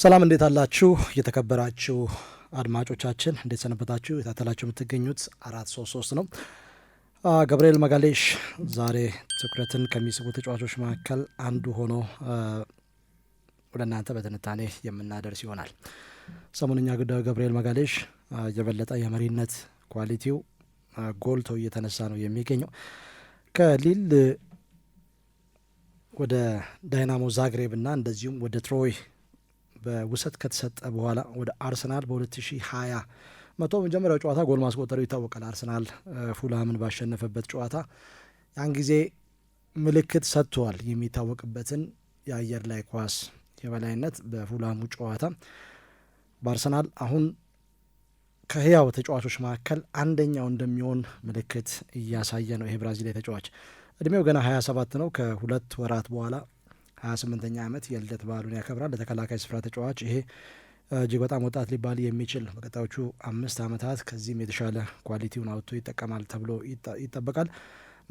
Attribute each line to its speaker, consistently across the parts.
Speaker 1: ሰላም እንዴት አላችሁ? እየተከበራችሁ አድማጮቻችን እንዴት ሰነበታችሁ? የታተላችሁ የምትገኙት አራት ሶስት ሶስት ነው። ገብርኤል መጋሌሽ ዛሬ ትኩረትን ከሚስቡ ተጫዋቾች መካከል አንዱ ሆኖ ወደ እናንተ በትንታኔ የምናደርስ ይሆናል። ሰሞንኛ ገብርኤል መጋሌሽ የበለጠ የመሪነት ኳሊቲው ጎልቶ እየተነሳ ነው የሚገኘው ከሊል ወደ ዳይናሞ ዛግሬብ እና እንደዚሁም ወደ ትሮይ በውሰት ከተሰጠ በኋላ ወደ አርሰናል በ2020 መቶ መጀመሪያው ጨዋታ ጎል ማስቆጠሩ ይታወቃል። አርሰናል ፉልሃምን ባሸነፈበት ጨዋታ ያን ጊዜ ምልክት ሰጥቷል የሚታወቅበትን የአየር ላይ ኳስ የበላይነት በፉልሃሙ ጨዋታ በአርሰናል አሁን ከህያው ተጫዋቾች መካከል አንደኛው እንደሚሆን ምልክት እያሳየ ነው። ይሄ ብራዚል ተጫዋች እድሜው ገና 27 ነው። ከሁለት ወራት በኋላ 28ኛ ዓመት የልደት በዓሉን ያከብራል። ለተከላካይ ስፍራ ተጫዋች ይሄ እጅግ በጣም ወጣት ሊባል የሚችል በቀጣዮቹ አምስት ዓመታት ከዚህም የተሻለ ኳሊቲውን አውጥቶ ይጠቀማል ተብሎ ይጠበቃል።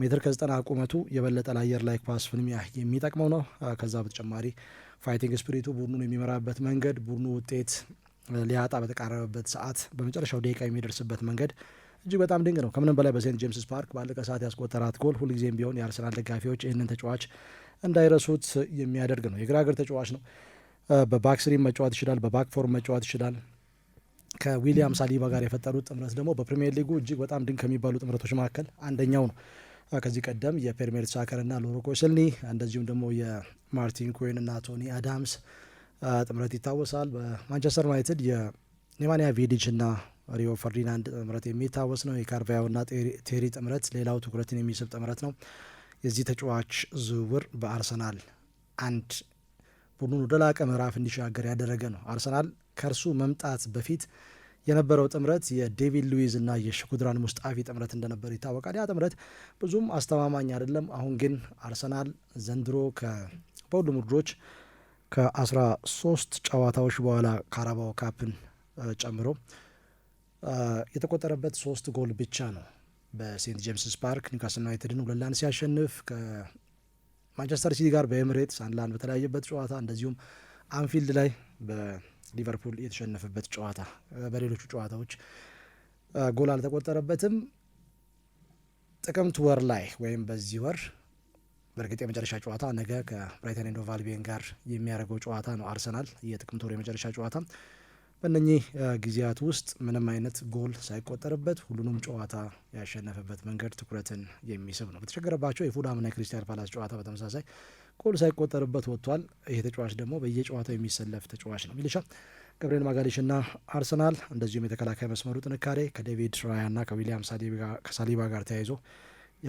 Speaker 1: ሜትር ከዘጠና ቁመቱ የበለጠ ለአየር ላይ ኳስ ፍልሚያ የሚጠቅመው ነው። ከዛ በተጨማሪ ፋይቲንግ ስፒሪቱ ቡድኑን የሚመራበት መንገድ ቡድኑ ውጤት ሊያጣ በተቃረበበት ሰዓት በመጨረሻው ደቂቃ የሚደርስበት መንገድ እጅግ በጣም ድንቅ ነው። ከምንም በላይ በሴንት ጄምስ ፓርክ ባለቀ ሰዓት ያስቆጠራት ጎል ሁልጊዜም ቢሆን የአርሰናል ደጋፊዎች ይህንን ተጫዋች እንዳይረሱት የሚያደርግ ነው። የግራ እግር ተጫዋች ነው። በባክ ስሪ መጫወት ይችላል። በባክ ፎር መጫወት ይችላል። ከዊሊያም ሳሊባ ጋር የፈጠሩት ጥምረት ደግሞ በፕሪሚየር ሊጉ እጅግ በጣም ድንቅ ከሚባሉ ጥምረቶች መካከል አንደኛው ነው። ከዚህ ቀደም የፔርሜር ና ሎሮ ኮስልኒ እንደዚሁም ደግሞ የማርቲን ና ቶኒ አዳምስ ጥምረት ይታወሳል። በማንቸስተር ዩናይትድ የኔማንያ ና ሪዮ ፈርዲናንድ ጥምረት የሚታወስ ነው። የካርቫዮና ቴሪ ጥምረት ሌላው ትኩረትን የሚስብ ጥምረት ነው። የዚህ ተጫዋች ዝውውር በአርሰናል አንድ ቡድኑ ወደ ላቀ ምዕራፍ እንዲሻገር ያደረገ ነው። አርሰናል ከእርሱ መምጣት በፊት የነበረው ጥምረት የዴቪድ ሉዊዝ እና የሽኩድራን ሙስጣፊ ጥምረት እንደነበር ይታወቃል። ያ ጥምረት ብዙም አስተማማኝ አይደለም። አሁን ግን አርሰናል ዘንድሮ በሁሉም ውድድሮች ከአስራ ሶስት ጨዋታዎች በኋላ ካራባው ካፕን ጨምሮ የተቆጠረበት ሶስት ጎል ብቻ ነው። በሴንት ጄምስስ ፓርክ ኒውካስል ዩናይትድን ሁለት ለአንድ ሲያሸንፍ ከማንቸስተር ሲቲ ጋር በኤምሬትስ አንድ ለአንድ በተለያየበት ጨዋታ እንደዚሁም አንፊልድ ላይ በሊቨርፑል የተሸነፈበት ጨዋታ በሌሎቹ ጨዋታዎች ጎል አልተቆጠረበትም። ጥቅምት ወር ላይ ወይም በዚህ ወር በእርግጥ የመጨረሻ ጨዋታ ነገ ከብራይተን ኤንድ ሆቭ ጋር የሚያደርገው ጨዋታ ነው አርሰናል የጥቅምት ወር የመጨረሻ ጨዋታ በእነኚህ ጊዜያት ውስጥ ምንም አይነት ጎል ሳይቆጠርበት ሁሉንም ጨዋታ ያሸነፈበት መንገድ ትኩረትን የሚስብ ነው። በተቸገረባቸው የፉልሃምና የክሪስታል ፓላስ ጨዋታ በተመሳሳይ ጎል ሳይቆጠርበት ወጥቷል። ይህ ተጫዋች ደግሞ በየጨዋታው የሚሰለፍ ተጫዋች ነው። ሚልሻ ገብርኤል ማጋሌሽና አርሰናል እንደዚሁም የተከላካይ መስመሩ ጥንካሬ ከዴቪድ ራያና ከዊሊያም ሳሊባ ጋር ተያይዞ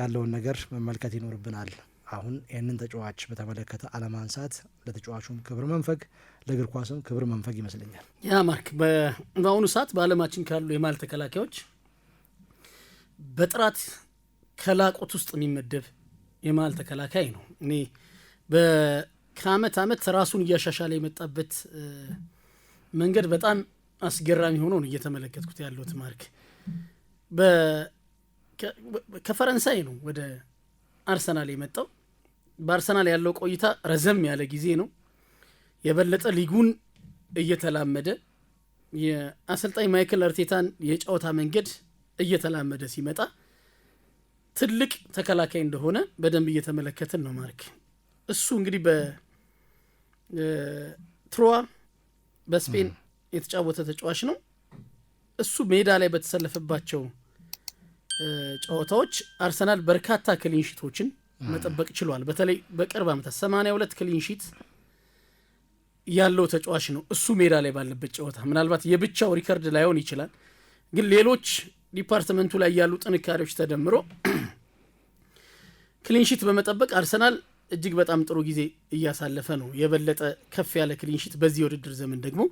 Speaker 1: ያለውን ነገር መመልከት ይኖርብናል። አሁን ይህንን ተጫዋች በተመለከተ አለማንሳት ለተጫዋቹም ክብር መንፈግ ለእግር ኳስም ክብር መንፈግ ይመስለኛል።
Speaker 2: ያ ማርክ በአሁኑ ሰዓት በዓለማችን ካሉ የማል ተከላካዮች በጥራት ከላቁት ውስጥ የሚመደብ የማል ተከላካይ ነው። እኔ ከአመት አመት ራሱን እያሻሻለ የመጣበት መንገድ በጣም አስገራሚ ሆኖ ነው እየተመለከትኩት ያለሁት ማርክ ከፈረንሳይ ነው ወደ አርሰናል የመጣው በአርሰናል ያለው ቆይታ ረዘም ያለ ጊዜ ነው። የበለጠ ሊጉን እየተላመደ የአሰልጣኝ ማይክል አርቴታን የጨዋታ መንገድ እየተላመደ ሲመጣ ትልቅ ተከላካይ እንደሆነ በደንብ እየተመለከትን ነው። ማርክ እሱ እንግዲህ በትሮዋ በስፔን የተጫወተ ተጫዋች ነው። እሱ ሜዳ ላይ በተሰለፈባቸው ጨዋታዎች አርሰናል በርካታ ክሊንሺቶችን መጠበቅ ችሏል። በተለይ በቅርብ ዓመታት 82 ክሊንሺት ያለው ተጫዋች ነው እሱ ሜዳ ላይ ባለበት ጨዋታ። ምናልባት የብቻው ሪከርድ ላይሆን ይችላል፣ ግን ሌሎች ዲፓርትመንቱ ላይ ያሉ ጥንካሬዎች ተደምሮ ክሊንሺት በመጠበቅ አርሰናል እጅግ በጣም ጥሩ ጊዜ እያሳለፈ ነው። የበለጠ ከፍ ያለ ክሊንሺት በዚህ የውድድር ዘመን ደግሞ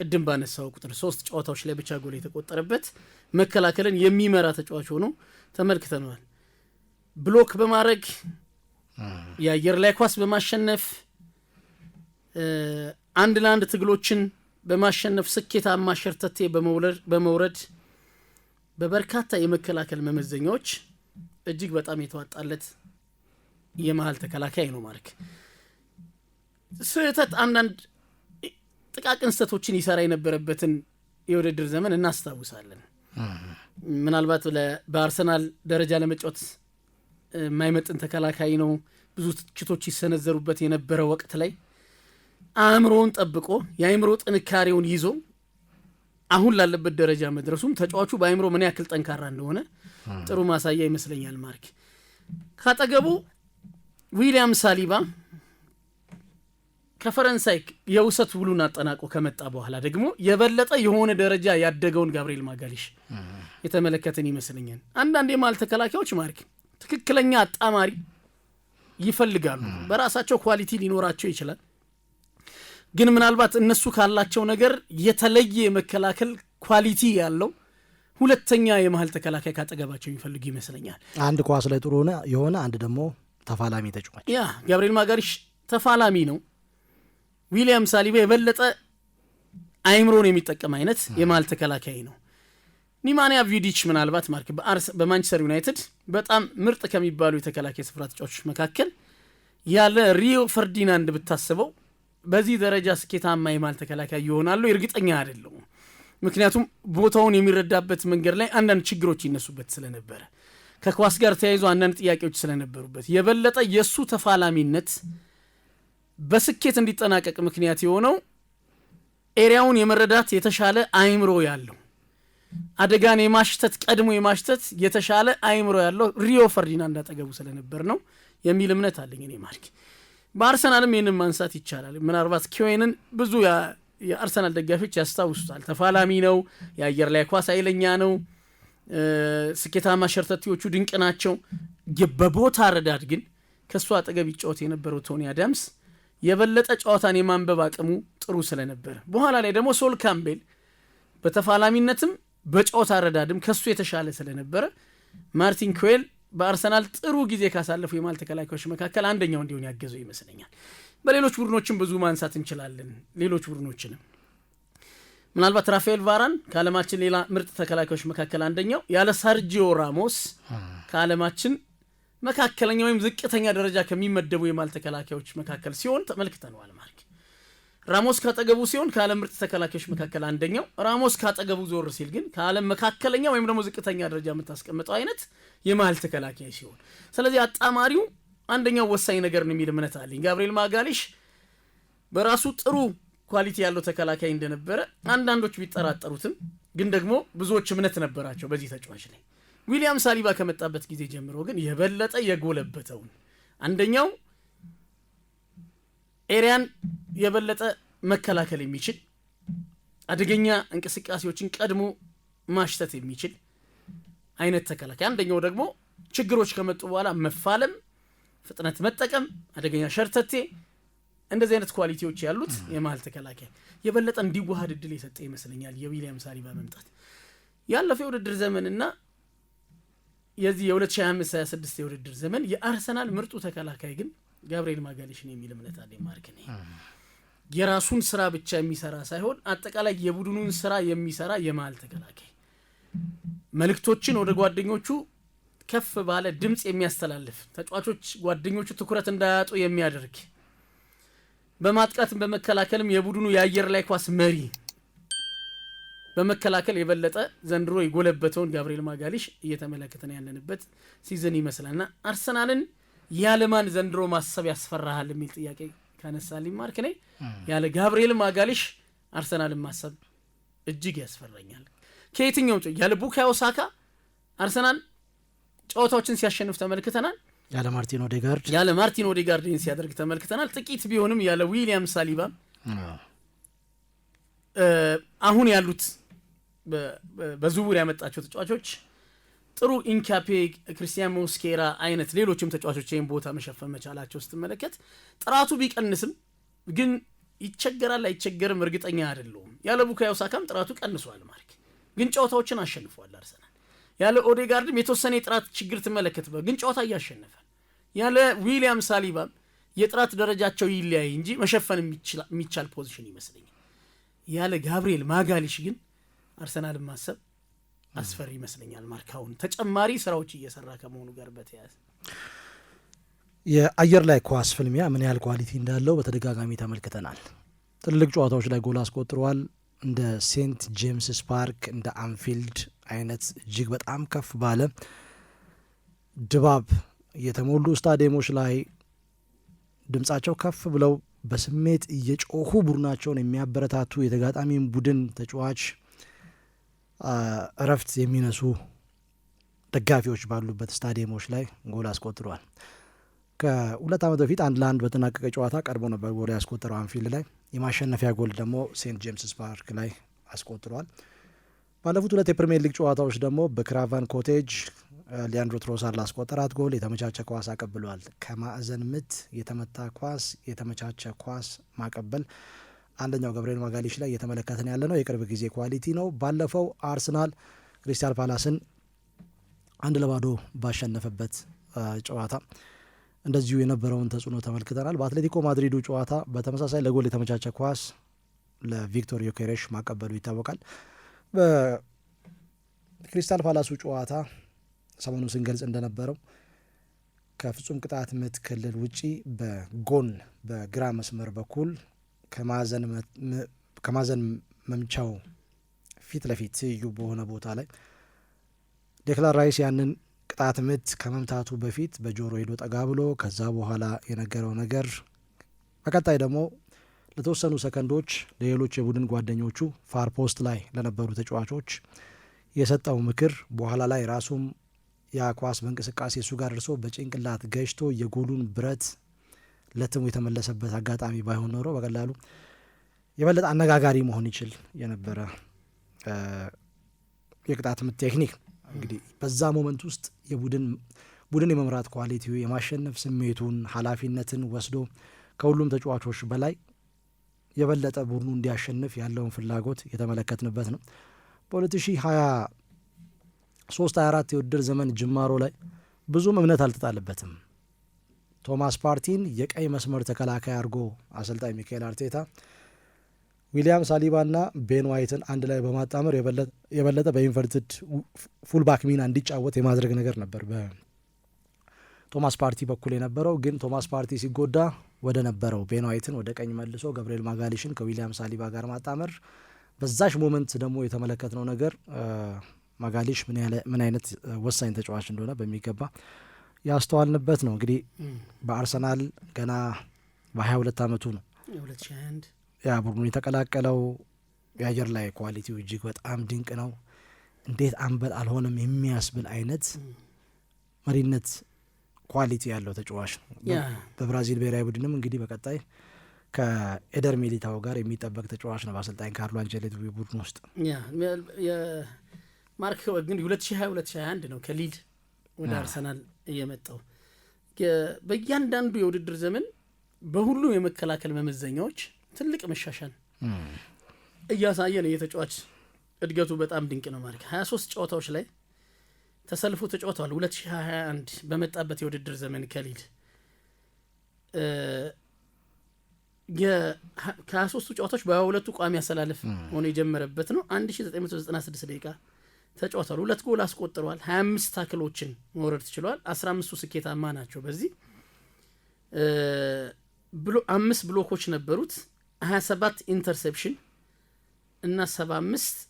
Speaker 2: ቅድም ባነሳው ቁጥር ሶስት ጨዋታዎች ላይ ብቻ ጎል የተቆጠረበት መከላከልን የሚመራ ተጫዋች ሆኖ ተመልክተነዋል። ብሎክ በማድረግ የአየር ላይ ኳስ በማሸነፍ አንድ ለአንድ ትግሎችን በማሸነፍ ስኬታማ ሸርተቴ በመውረድ በበርካታ የመከላከል መመዘኛዎች እጅግ በጣም የተዋጣለት የመሀል ተከላካይ ነው። ማርክ ስህተት አንዳንድ ጥቃቅን ስህተቶችን ይሰራ የነበረበትን የውድድር ዘመን እናስታውሳለን። ምናልባት በአርሰናል ደረጃ ለመጫወት የማይመጥን ተከላካይ ነው፣ ብዙ ትችቶች ይሰነዘሩበት የነበረ ወቅት ላይ አእምሮውን ጠብቆ የአእምሮ ጥንካሬውን ይዞ አሁን ላለበት ደረጃ መድረሱም ተጫዋቹ በአእምሮ ምን ያክል ጠንካራ እንደሆነ ጥሩ ማሳያ ይመስለኛል። ማርክ ካጠገቡ ዊሊያም ሳሊባ ከፈረንሳይ የውሰት ውሉን አጠናቆ ከመጣ በኋላ ደግሞ የበለጠ የሆነ ደረጃ ያደገውን ጋብርኤል ማጋሊሽ የተመለከትን ይመስለኛል። አንዳንድ የማል ተከላካዮች ማርክ ትክክለኛ አጣማሪ ይፈልጋሉ። በራሳቸው ኳሊቲ ሊኖራቸው ይችላል፣ ግን ምናልባት እነሱ ካላቸው ነገር የተለየ የመከላከል ኳሊቲ ያለው ሁለተኛ የመሀል ተከላካይ ካጠገባቸው የሚፈልጉ ይመስለኛል።
Speaker 1: አንድ ኳስ ላይ ጥሩ የሆነ አንድ ደግሞ ተፋላሚ ተጫዋች
Speaker 2: ያ ጋብርኤል ማጋሪሽ ተፋላሚ ነው። ዊሊያም ሳሊባ የበለጠ አይምሮን የሚጠቀም አይነት የማል ተከላካይ ነው። ኒማንያ ቪዲች ምናልባት ማርክ በማንቸስተር ዩናይትድ በጣም ምርጥ ከሚባሉ የተከላካይ ስፍራ ተጫዋቾች መካከል ያለ ሪዮ ፈርዲናንድ ብታስበው በዚህ ደረጃ ስኬታማ የማል ተከላካይ ይሆናሉ እርግጠኛ አይደለሁም። ምክንያቱም ቦታውን የሚረዳበት መንገድ ላይ አንዳንድ ችግሮች ይነሱበት ስለነበረ ከኳስ ጋር ተያይዞ አንዳንድ ጥያቄዎች ስለነበሩበት የበለጠ የእሱ ተፋላሚነት በስኬት እንዲጠናቀቅ ምክንያት የሆነው ኤሪያውን የመረዳት የተሻለ አይምሮ ያለው አደጋን የማሽተት ቀድሞ የማሽተት የተሻለ አይምሮ ያለው ሪዮ ፈርዲናንድ አጠገቡ ስለነበር ነው የሚል እምነት አለኝ እኔ ማርክ። በአርሰናልም ይህንን ማንሳት ይቻላል። ምናልባት ኪዌንን ብዙ የአርሰናል ደጋፊዎች ያስታውሱታል። ተፋላሚ ነው፣ የአየር ላይ ኳስ ኃይለኛ ነው፣ ስኬታማ ሸርተቴዎቹ ድንቅ ናቸው። በቦታ ረዳድ ግን ከእሱ አጠገብ ይጫወት የነበረው ቶኒ አዳምስ የበለጠ ጨዋታን የማንበብ አቅሙ ጥሩ ስለነበረ በኋላ ላይ ደግሞ ሶል ካምቤል በተፋላሚነትም በጨዋታ ረዳድም ከሱ የተሻለ ስለነበረ ማርቲን ኩዌል በአርሰናል ጥሩ ጊዜ ካሳለፉ የማል ተከላካዮች መካከል አንደኛው እንዲሆን ያገዘው ይመስለኛል። በሌሎች ቡድኖችም ብዙ ማንሳት እንችላለን። ሌሎች ቡድኖችንም ምናልባት ራፋኤል ቫራን ከዓለማችን ሌላ ምርጥ ተከላካዮች መካከል አንደኛው ያለ ሳርጂዮ ራሞስ ከዓለማችን መካከለኛ ወይም ዝቅተኛ ደረጃ ከሚመደቡ የማል ተከላካዮች መካከል ሲሆን ተመልክተነዋል። ማርክ ራሞስ ካጠገቡ ሲሆን ከዓለም ምርጥ ተከላካዮች መካከል አንደኛው፣ ራሞስ ካጠገቡ ዞር ሲል ግን ከዓለም መካከለኛ ወይም ደግሞ ዝቅተኛ ደረጃ የምታስቀምጠው አይነት የማል ተከላካይ ሲሆን፣ ስለዚህ አጣማሪው አንደኛው ወሳኝ ነገር ነው የሚል እምነት አለኝ። ጋብርኤል ማጋሊሽ በራሱ ጥሩ ኳሊቲ ያለው ተከላካይ እንደነበረ አንዳንዶች ቢጠራጠሩትም ግን ደግሞ ብዙዎች እምነት ነበራቸው በዚህ ተጫዋች ላይ። ዊሊያም ሳሊባ ከመጣበት ጊዜ ጀምሮ ግን የበለጠ የጎለበተውን አንደኛው ኤሪያን የበለጠ መከላከል የሚችል አደገኛ እንቅስቃሴዎችን ቀድሞ ማሽተት የሚችል አይነት ተከላካይ፣ አንደኛው ደግሞ ችግሮች ከመጡ በኋላ መፋለም፣ ፍጥነት መጠቀም፣ አደገኛ ሸርተቴ፣ እንደዚህ አይነት ኳሊቲዎች ያሉት የመሀል ተከላካይ የበለጠ እንዲዋሃድ እድል የሰጠ ይመስለኛል የዊሊያም ሳሊባ መምጣት ያለፈው የውድድር ዘመንና የዚህ የ2025/26 የውድድር ዘመን የአርሰናል ምርጡ ተከላካይ ግን ጋብርኤል ማጋሌሽን ነው የሚል እምነት ማርክ ነ የራሱን ስራ ብቻ የሚሰራ ሳይሆን አጠቃላይ የቡድኑን ስራ የሚሰራ የመሀል ተከላካይ መልእክቶችን ወደ ጓደኞቹ ከፍ ባለ ድምፅ የሚያስተላልፍ ተጫዋቾች ጓደኞቹ ትኩረት እንዳያጡ የሚያደርግ በማጥቃትም በመከላከልም የቡድኑ የአየር ላይ ኳስ መሪ በመከላከል የበለጠ ዘንድሮ የጎለበተውን ጋብርኤል ማጋሊሽ እየተመለከተን ያለንበት ሲዝን ይመስላል ና አርሰናልን ያለማን ዘንድሮ ማሰብ ያስፈራሃል የሚል ጥያቄ ካነሳልኝ ማርክ ነኝ ያለ ጋብርኤል ማጋሊሽ አርሰናልን ማሰብ እጅግ ያስፈራኛል። ከየትኛውም ያለ ቡካዮ ሳካ አርሰናል ጨዋታዎችን ሲያሸንፍ ተመልክተናል።
Speaker 1: ያለ ማርቲን ኦዴጋርድ
Speaker 2: ያለ ማርቲን ኦዴጋርድን ሲያደርግ ተመልክተናል። ጥቂት ቢሆንም ያለ ዊሊያም ሳሊባ አሁን ያሉት በዝውውር ያመጣቸው ተጫዋቾች ጥሩ ኢንካፔ፣ ክርስቲያን ሞስኬራ አይነት ሌሎችም ተጫዋቾች ይህን ቦታ መሸፈን መቻላቸው ስትመለከት ጥራቱ ቢቀንስም ግን ይቸገራል አይቸገርም እርግጠኛ አይደለሁም። ያለ ቡካዮ ሳካም ጥራቱ ቀንሷል ማርክ፣ ግን ጨዋታዎችን አሸንፏል አርሰናል። ያለ ኦዴጋርድም የተወሰነ የጥራት ችግር ትመለከት ግን ጨዋታ እያሸነፈ ያለ ዊሊያም ሳሊባም የጥራት ደረጃቸው ይለያይ እንጂ መሸፈን የሚቻል ፖዚሽን ይመስለኛል። ያለ ጋብርኤል ማጋሊሽ ግን አርሰናልን ማሰብ አስፈሪ ይመስለኛል። ማርካውን ተጨማሪ ስራዎች እየሰራ ከመሆኑ ጋር በተያያዘ
Speaker 1: የአየር ላይ ኳስ ፍልሚያ ምን ያህል ኳሊቲ እንዳለው በተደጋጋሚ ተመልክተናል። ትልልቅ ጨዋታዎች ላይ ጎል አስቆጥረዋል። እንደ ሴንት ጄምስስ ፓርክ እንደ አንፊልድ አይነት እጅግ በጣም ከፍ ባለ ድባብ የተሞሉ ስታዲየሞች ላይ ድምጻቸው ከፍ ብለው በስሜት እየጮሁ ቡድናቸውን የሚያበረታቱ የተጋጣሚን ቡድን ተጫዋች እረፍት የሚነሱ ደጋፊዎች ባሉበት ስታዲየሞች ላይ ጎል አስቆጥሯል። ከሁለት ዓመት በፊት አንድ ለአንድ በተናቀቀ ጨዋታ ቀርቦ ነበር ጎል ያስቆጠረው አንፊልድ ላይ። የማሸነፊያ ጎል ደግሞ ሴንት ጄምስስ ፓርክ ላይ አስቆጥሯል። ባለፉት ሁለት የፕሪሚየር ሊግ ጨዋታዎች ደግሞ በክራቫን ኮቴጅ ሊያንድሮ ትሮሳር ላስቆጠራት ጎል የተመቻቸ ኳስ አቀብሏል። ከማዕዘን ምት የተመታ ኳስ፣ የተመቻቸ ኳስ ማቀበል አንደኛው ገብርኤል ማጋሊሽ ላይ እየተመለከትን ያለ ነው። የቅርብ ጊዜ ኳሊቲ ነው። ባለፈው አርሰናል ክሪስታል ፓላስን አንድ ለባዶ ባሸነፈበት ጨዋታ እንደዚሁ የነበረውን ተጽዕኖ ተመልክተናል። በአትሌቲኮ ማድሪዱ ጨዋታ በተመሳሳይ ለጎል የተመቻቸ ኳስ ለቪክቶር ዮኬሬሽ ማቀበሉ ይታወቃል። በክሪስታል ፓላሱ ጨዋታ ሰሞኑን ስንገልጽ እንደነበረው ከፍጹም ቅጣት ምት ክልል ውጪ በጎን በግራ መስመር በኩል ከማዘን መምቻው ፊት ለፊት ትይዩ በሆነ ቦታ ላይ ዴክላን ራይስ ያንን ቅጣት ምት ከመምታቱ በፊት በጆሮ ሄዶ ጠጋ ብሎ ከዛ በኋላ የነገረው ነገር በቀጣይ ደግሞ ለተወሰኑ ሰከንዶች ለሌሎች የቡድን ጓደኞቹ ፋር ፖስት ላይ ለነበሩ ተጫዋቾች የሰጠው ምክር በኋላ ላይ ራሱም ያ ኳስ በእንቅስቃሴ እሱ ጋር ደርሶ በጭንቅላት ገጭቶ የጎሉን ብረት ለትሙ የተመለሰበት አጋጣሚ ባይሆን ኖሮ በቀላሉ የበለጠ አነጋጋሪ መሆን ይችል የነበረ የቅጣት ምት ቴክኒክ እንግዲህ በዛ ሞመንት ውስጥ የቡድን ቡድን የመምራት ኳሊቲ የማሸነፍ ስሜቱን ኃላፊነትን ወስዶ ከሁሉም ተጫዋቾች በላይ የበለጠ ቡድኑ እንዲያሸንፍ ያለውን ፍላጎት የተመለከትንበት ነው። 2023 አራት የውድድር ዘመን ጅማሮ ላይ ብዙም እምነት አልተጣለበትም። ቶማስ ፓርቲን የቀይ መስመር ተከላካይ አድርጎ አሰልጣኝ ሚካኤል አርቴታ ዊሊያም ሳሊባና ቤን ዋይትን አንድ ላይ በማጣመር የበለጠ በኢንቨርትድ ፉልባክ ሚና እንዲጫወት የማድረግ ነገር ነበር በቶማስ ፓርቲ በኩል የነበረው። ግን ቶማስ ፓርቲ ሲጎዳ ወደ ነበረው ቤን ዋይትን ወደ ቀኝ መልሶ ገብርኤል ማጋሊሽን ከዊሊያም ሳሊባ ጋር ማጣመር፣ በዛሽ ሞመንት ደግሞ የተመለከትነው ነገር ማጋሊሽ ምን አይነት ወሳኝ ተጫዋች እንደሆነ በሚገባ ያስተዋልንበት ነው። እንግዲህ በአርሰናል ገና በሀያ ሁለት አመቱ ነው ያ ቡድኑ የተቀላቀለው። የአየር ላይ ኳሊቲው እጅግ በጣም ድንቅ ነው። እንዴት አንበል አልሆነም የሚያስብል አይነት መሪነት ኳሊቲ ያለው ተጫዋች ነው። በብራዚል ብሔራዊ ቡድንም እንግዲህ በቀጣይ ከኤደር ሚሊታው ጋር የሚጠበቅ ተጫዋች ነው በአሰልጣኝ ካርሎ አንቸሎቲ ቡድን ውስጥ
Speaker 2: ማርክ ግን 2020 አንድ ነው ከሊድ ወደ አርሰናል የመጣው። በእያንዳንዱ የውድድር ዘመን በሁሉም የመከላከል መመዘኛዎች ትልቅ መሻሻል እያሳየ ነው። የተጫዋች እድገቱ በጣም ድንቅ ነው ማለት ሀያ ሶስት ጨዋታዎች ላይ ተሰልፎ ተጫውተዋል። ሁለት ሺ ሀያ አንድ በመጣበት የውድድር ዘመን ከሊል ከሀያ ሶስቱ ጨዋታዎች በሀያ ሁለቱ ቋሚ አሰላለፍ ሆኖ የጀመረበት ነው። አንድ ሺ ዘጠኝ መቶ ዘጠና ስድስት ደቂቃ ተጫውቷል። ሁለት ጎል አስቆጥሯል። 25 ታክሎችን መውረድ ችሏል። 15ቱ ስኬታማ ናቸው። በዚህ አምስት ብሎኮች ነበሩት። 27 ኢንተርሴፕሽን እና 75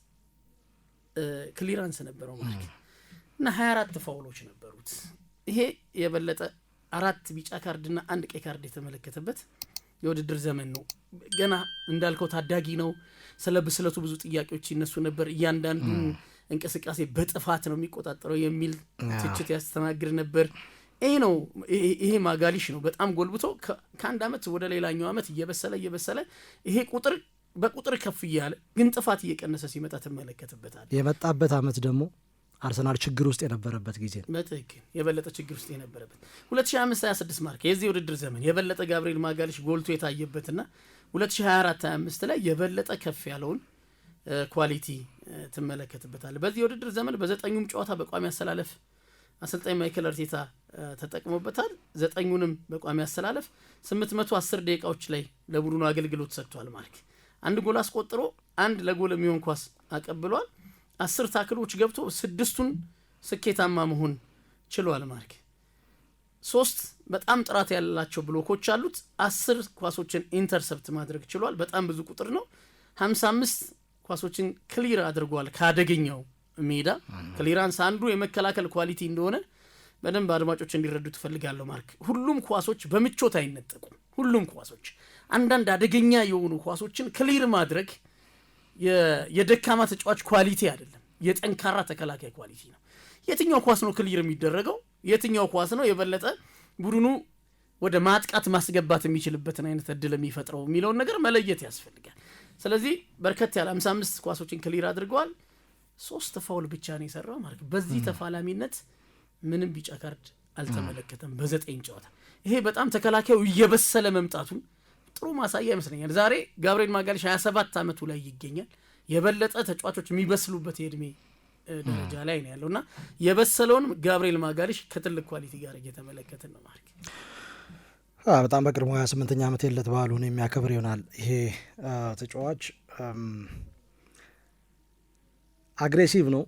Speaker 2: ክሊራንስ ነበረው ማለት እና 24 ፋውሎች ነበሩት። ይሄ የበለጠ አራት ቢጫ ካርድና አንድ ቀይ ካርድ የተመለከተበት የውድድር ዘመን ነው። ገና እንዳልከው ታዳጊ ነው። ስለ ብስለቱ ብዙ ጥያቄዎች ይነሱ ነበር እያንዳንዱ። እንቅስቃሴ በጥፋት ነው የሚቆጣጠረው የሚል ትችት ያስተናግድ ነበር። ይህ ነው ይሄ ማጋሊሽ ነው። በጣም ጎልብቶ ከአንድ አመት ወደ ሌላኛው አመት እየበሰለ እየበሰለ ይሄ ቁጥር በቁጥር ከፍ እያለ ግን ጥፋት እየቀነሰ ሲመጣ ትመለከትበታል።
Speaker 1: የመጣበት አመት ደግሞ አርሰናል ችግር ውስጥ የነበረበት ጊዜ
Speaker 2: በትክክል የበለጠ ችግር ውስጥ የነበረበት 2025/26 ማርክ የዚህ ውድድር ዘመን የበለጠ ጋብሪኤል ማጋሊሽ ጎልቶ የታየበትና 2024/25 ላይ የበለጠ ከፍ ያለውን ኳሊቲ ትመለከትበታል። በዚህ የውድድር ዘመን በዘጠኙም ጨዋታ በቋሚ አሰላለፍ አሰልጣኝ ማይክል አርቴታ ተጠቅሞበታል። ዘጠኙንም በቋሚ አሰላለፍ 810 ደቂቃዎች ላይ ለቡድኑ አገልግሎት ሰጥቷል። ማርክ አንድ ጎል አስቆጥሮ አንድ ለጎል የሚሆን ኳስ አቀብሏል። አስር ታክሎች ገብቶ ስድስቱን ስኬታማ መሆን ችሏል። ማርክ ሶስት በጣም ጥራት ያላቸው ብሎኮች አሉት። አስር ኳሶችን ኢንተርሰፕት ማድረግ ችሏል። በጣም ብዙ ቁጥር ነው። 55 ኳሶችን ክሊር አድርጓል። ከአደገኛው ሜዳ ክሊራንስ አንዱ የመከላከል ኳሊቲ እንደሆነ በደንብ አድማጮች እንዲረዱ ትፈልጋለሁ። ማርክ ሁሉም ኳሶች በምቾት አይነጠቁም። ሁሉም ኳሶች አንዳንድ አደገኛ የሆኑ ኳሶችን ክሊር ማድረግ የደካማ ተጫዋች ኳሊቲ አይደለም፣ የጠንካራ ተከላካይ ኳሊቲ ነው። የትኛው ኳስ ነው ክሊር የሚደረገው? የትኛው ኳስ ነው የበለጠ ቡድኑ ወደ ማጥቃት ማስገባት የሚችልበትን አይነት እድል የሚፈጥረው የሚለውን ነገር መለየት ያስፈልጋል። ስለዚህ በርከት ያለ 55 ኳሶችን ክሊር አድርገዋል። ሶስት ፋውል ብቻ ነው የሰራው ማለት በዚህ ተፋላሚነት ምንም ቢጫ ካርድ አልተመለከተም በዘጠኝ ጨዋታ። ይሄ በጣም ተከላካዩ እየበሰለ መምጣቱን ጥሩ ማሳያ ይመስለኛል። ዛሬ ጋብሬል ማጋሊሽ 27 ዓመቱ ላይ ይገኛል። የበለጠ ተጫዋቾች የሚበስሉበት የእድሜ ደረጃ ላይ ነው ያለው እና የበሰለውን ጋብርኤል ማጋልሽ ከትልቅ ኳሊቲ ጋር እየተመለከትን ነው ማለት
Speaker 1: በጣም በቅድሞ ሀያ ስምንተኛ ዓመት የለት በዓሉን የሚያከብር ይሆናል። ይሄ ተጫዋች አግሬሲቭ ነው፣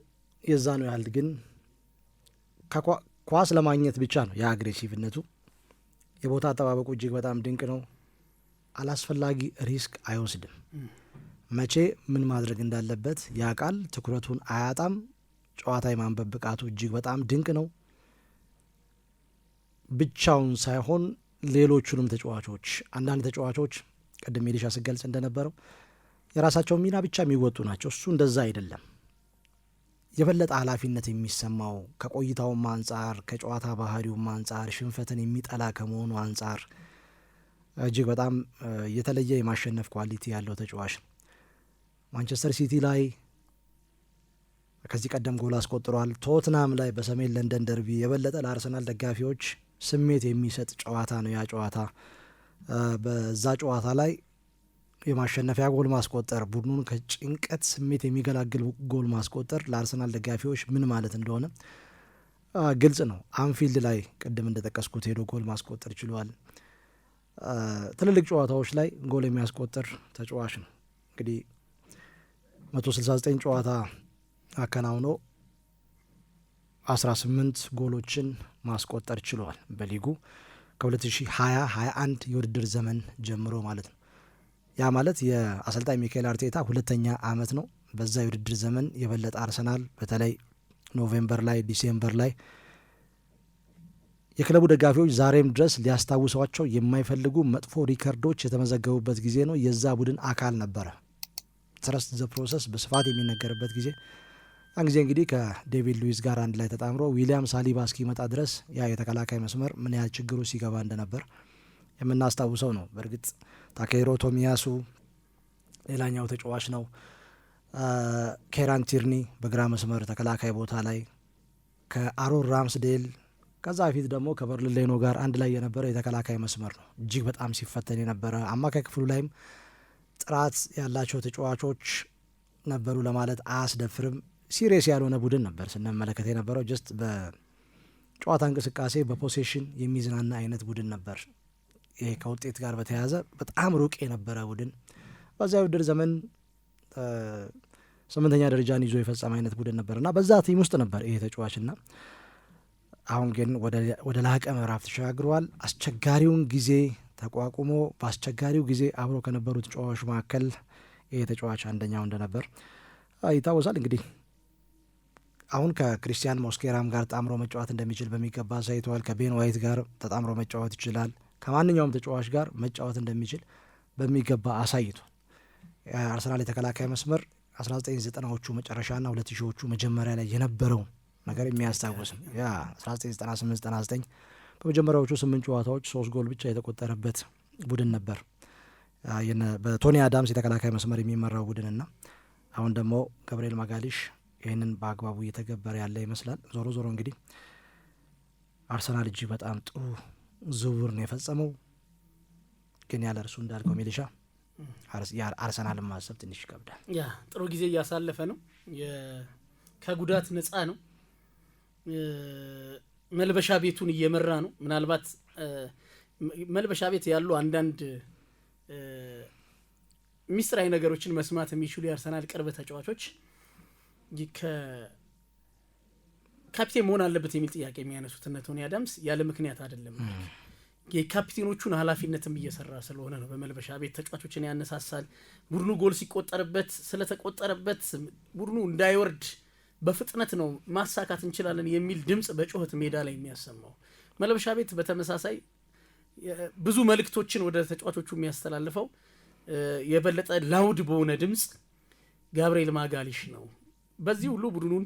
Speaker 1: የዛ ነው ያህል ግን ኳስ ለማግኘት ብቻ ነው የአግሬሲቭነቱ። የቦታ አጠባበቁ እጅግ በጣም ድንቅ ነው። አላስፈላጊ ሪስክ አይወስድም። መቼ ምን ማድረግ እንዳለበት ያውቃል። ትኩረቱን አያጣም። ጨዋታ የማንበብ ብቃቱ እጅግ በጣም ድንቅ ነው። ብቻውን ሳይሆን ሌሎቹንም ተጫዋቾች አንዳንድ ተጫዋቾች ቅድም ሜዲሻ ስገልጽ እንደነበረው የራሳቸውን ሚና ብቻ የሚወጡ ናቸው። እሱ እንደዛ አይደለም። የበለጠ ኃላፊነት የሚሰማው ከቆይታውም አንጻር ከጨዋታ ባህሪውም አንጻር ሽንፈትን የሚጠላ ከመሆኑ አንጻር እጅግ በጣም የተለየ የማሸነፍ ኳሊቲ ያለው ተጫዋች ነው። ማንቸስተር ሲቲ ላይ ከዚህ ቀደም ጎል አስቆጥሯል። ቶትናም ላይ በሰሜን ለንደን ደርቢ የበለጠ ለአርሰናል ደጋፊዎች ስሜት የሚሰጥ ጨዋታ ነው ያ ጨዋታ። በዛ ጨዋታ ላይ የማሸነፊያ ጎል ማስቆጠር፣ ቡድኑን ከጭንቀት ስሜት የሚገላግል ጎል ማስቆጠር ለአርሰናል ደጋፊዎች ምን ማለት እንደሆነ ግልጽ ነው። አንፊልድ ላይ ቅድም እንደጠቀስኩት ሄዶ ጎል ማስቆጠር ችሏል። ትልልቅ ጨዋታዎች ላይ ጎል የሚያስቆጥር ተጫዋች ነው። እንግዲህ 169 ጨዋታ አከናውኖ 18 ጎሎችን ማስቆጠር ችሏል በሊጉ ከ2020 21 የውድድር ዘመን ጀምሮ ማለት ነው። ያ ማለት የአሰልጣኝ ሚካኤል አርቴታ ሁለተኛ አመት ነው። በዛ የውድድር ዘመን የበለጠ አርሰናል በተለይ ኖቬምበር ላይ ዲሴምበር ላይ የክለቡ ደጋፊዎች ዛሬም ድረስ ሊያስታውሷቸው የማይፈልጉ መጥፎ ሪከርዶች የተመዘገቡበት ጊዜ ነው። የዛ ቡድን አካል ነበረ። ትረስት ዘ ፕሮሰስ በስፋት የሚነገርበት ጊዜ አን ጊዜ እንግዲህ ከዴቪድ ሉዊስ ጋር አንድ ላይ ተጣምሮ ዊሊያም ሳሊባ እስኪመጣ ድረስ ያ የተከላካይ መስመር ምን ያህል ችግሩ ሲገባ እንደነበር የምናስታውሰው ነው። በእርግጥ ታኬሮ ቶሚያሱ ሌላኛው ተጫዋች ነው። ኬራን ቲርኒ በግራ መስመር ተከላካይ ቦታ ላይ ከአሮን ራምስዴል ከዛ በፊት ደግሞ ከበርልሌኖ ጋር አንድ ላይ የነበረ የተከላካይ መስመር ነው። እጅግ በጣም ሲፈተን የነበረ አማካይ ክፍሉ ላይም ጥራት ያላቸው ተጫዋቾች ነበሩ ለማለት አያስደፍርም። ሲሪየስ ያልሆነ ቡድን ነበር ስንመለከት የነበረው። ጀስት በጨዋታ እንቅስቃሴ በፖሴሽን የሚዝናና አይነት ቡድን ነበር። ይሄ ከውጤት ጋር በተያያዘ በጣም ሩቅ የነበረ ቡድን በዚያ ውድድር ዘመን ስምንተኛ ደረጃን ይዞ የፈጸመ አይነት ቡድን ነበር እና በዛ ቲም ውስጥ ነበር ይሄ ተጫዋች ና አሁን ግን ወደ ላቀ ምዕራፍ ተሸጋግረዋል። አስቸጋሪውን ጊዜ ተቋቁሞ በአስቸጋሪው ጊዜ አብሮ ከነበሩ ተጫዋቾች መካከል ይሄ ተጫዋች አንደኛው እንደነበር ይታወሳል እንግዲህ አሁን ከክሪስቲያን ሞስኬራም ጋር ተጣምሮ መጫወት እንደሚችል በሚገባ አሳይተዋል። ከቤን ዋይት ጋር ተጣምሮ መጫወት ይችላል። ከማንኛውም ተጫዋች ጋር መጫወት እንደሚችል በሚገባ አሳይቷል። አርሰናል የተከላካይ መስመር 1990ዎቹ መጨረሻና 2000ዎቹ መጀመሪያ ላይ የነበረውን ነገር የሚያስታውስም ያ 199899 በመጀመሪያዎቹ ስምንት ጨዋታዎች ሶስት ጎል ብቻ የተቆጠረበት ቡድን ነበር በቶኒ አዳምስ የተከላካይ መስመር የሚመራው ቡድንና አሁን ደግሞ ገብርኤል ማጋሊሽ ይህንን በአግባቡ እየተገበረ ያለ ይመስላል። ዞሮ ዞሮ እንግዲህ አርሰናል እጅግ በጣም ጥሩ ዝውውር ነው የፈጸመው። ግን ያለ እርሱ እንዳልከው ሚሊሻ አርሰናልን ማሰብ ትንሽ ይከብዳል።
Speaker 2: ያ ጥሩ ጊዜ እያሳለፈ ነው። ከጉዳት ነጻ ነው። መልበሻ ቤቱን እየመራ ነው። ምናልባት መልበሻ ቤት ያሉ አንዳንድ ሚስጥራዊ ነገሮችን መስማት የሚችሉ የአርሰናል ቅርብ ተጫዋቾች ካፒቴን መሆን አለበት የሚል ጥያቄ የሚያነሱት እነ ቶኒ አዳምስ ያለ ምክንያት አይደለም። የካፒቴኖቹን ኃላፊነትም እየሰራ ስለሆነ ነው። በመልበሻ ቤት ተጫዋቾችን ያነሳሳል። ቡድኑ ጎል ሲቆጠርበት ስለተቆጠረበት ቡድኑ እንዳይወርድ በፍጥነት ነው ማሳካት እንችላለን የሚል ድምፅ በጩኸት ሜዳ ላይ የሚያሰማው መልበሻ ቤት በተመሳሳይ ብዙ መልእክቶችን ወደ ተጫዋቾቹ የሚያስተላልፈው የበለጠ ላውድ በሆነ ድምፅ ጋብርኤል ማጋሊሽ ነው። በዚህ ሁሉ ቡድኑን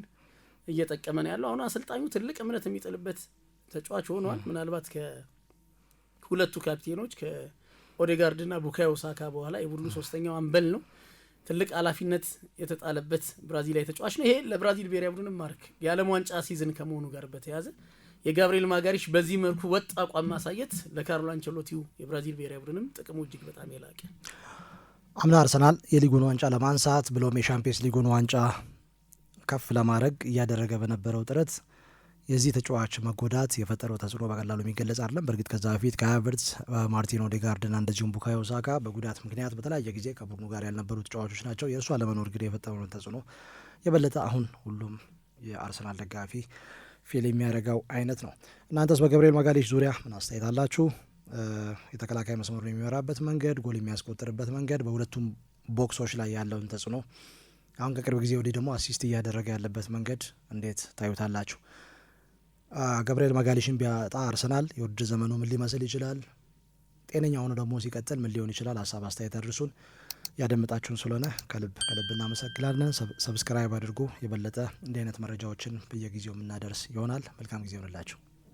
Speaker 2: እየጠቀመ ነው ያለው። አሁን አሰልጣኙ ትልቅ እምነት የሚጥልበት ተጫዋች ሆኗል። ምናልባት ከሁለቱ ካፕቴኖች ከኦዴጋርድና ቡካዮ ሳካ በኋላ የቡድኑ ሶስተኛው አምበል ነው። ትልቅ ኃላፊነት የተጣለበት ብራዚላዊ ተጫዋች ነው። ይሄ ለብራዚል ብሔራዊ ቡድን ማርክ የዓለም ዋንጫ ሲዝን ከመሆኑ ጋር በተያያዘ የጋብሪኤል ማጋሪሽ በዚህ መልኩ ወጥ አቋም ማሳየት ለካርሎ አንቸሎቲው የብራዚል ብሔራዊ ቡድንም ጥቅሙ እጅግ በጣም የላቀ።
Speaker 1: አምና አርሰናል የሊጉን ዋንጫ ለማንሳት ብሎም የሻምፒየንስ ሊጉን ዋንጫ ከፍ ለማድረግ እያደረገ በነበረው ጥረት የዚህ ተጫዋች መጎዳት የፈጠረው ተጽዕኖ በቀላሉ የሚገለጽ አይደለም። በእርግጥ ከዛ በፊት ካይ ማርቲን ኦዴጋርድና እንደዚሁም ቡካዮ ሳካ በጉዳት ምክንያት በተለያየ ጊዜ ከቡድኑ ጋር ያልነበሩ ተጫዋቾች ናቸው። የእሱ አለመኖር ግን የፈጠረውን ተጽዕኖ የበለጠ አሁን ሁሉም የአርሰናል ደጋፊ ፊል የሚያደርገው አይነት ነው። እናንተስ በገብርኤል ማጋሌሽ ዙሪያ ምን አስተያየት አላችሁ? የተከላካይ መስመሩን የሚመራበት መንገድ፣ ጎል የሚያስቆጥርበት መንገድ፣ በሁለቱም ቦክሶች ላይ ያለውን ተጽዕኖ አሁን ከቅርብ ጊዜ ወዲህ ደግሞ አሲስት እያደረገ ያለበት መንገድ እንዴት ታዩታላችሁ? ገብርኤል ማጋሊሽን ቢያጣ አርሰናል የውድድር ዘመኑ ምን ሊመስል ይችላል? ጤነኛ ሆኖ ደግሞ ሲቀጥል ምን ሊሆን ይችላል? ሀሳብ አስተያየት አድርሱን። ያደምጣችሁን ስለሆነ ከልብ ከልብ እናመሰግናለን። ሰብስክራይብ አድርጉ። የበለጠ እንዲህ አይነት መረጃዎችን በየጊዜው የምናደርስ ይሆናል። መልካም ጊዜ ይሆንላችሁ።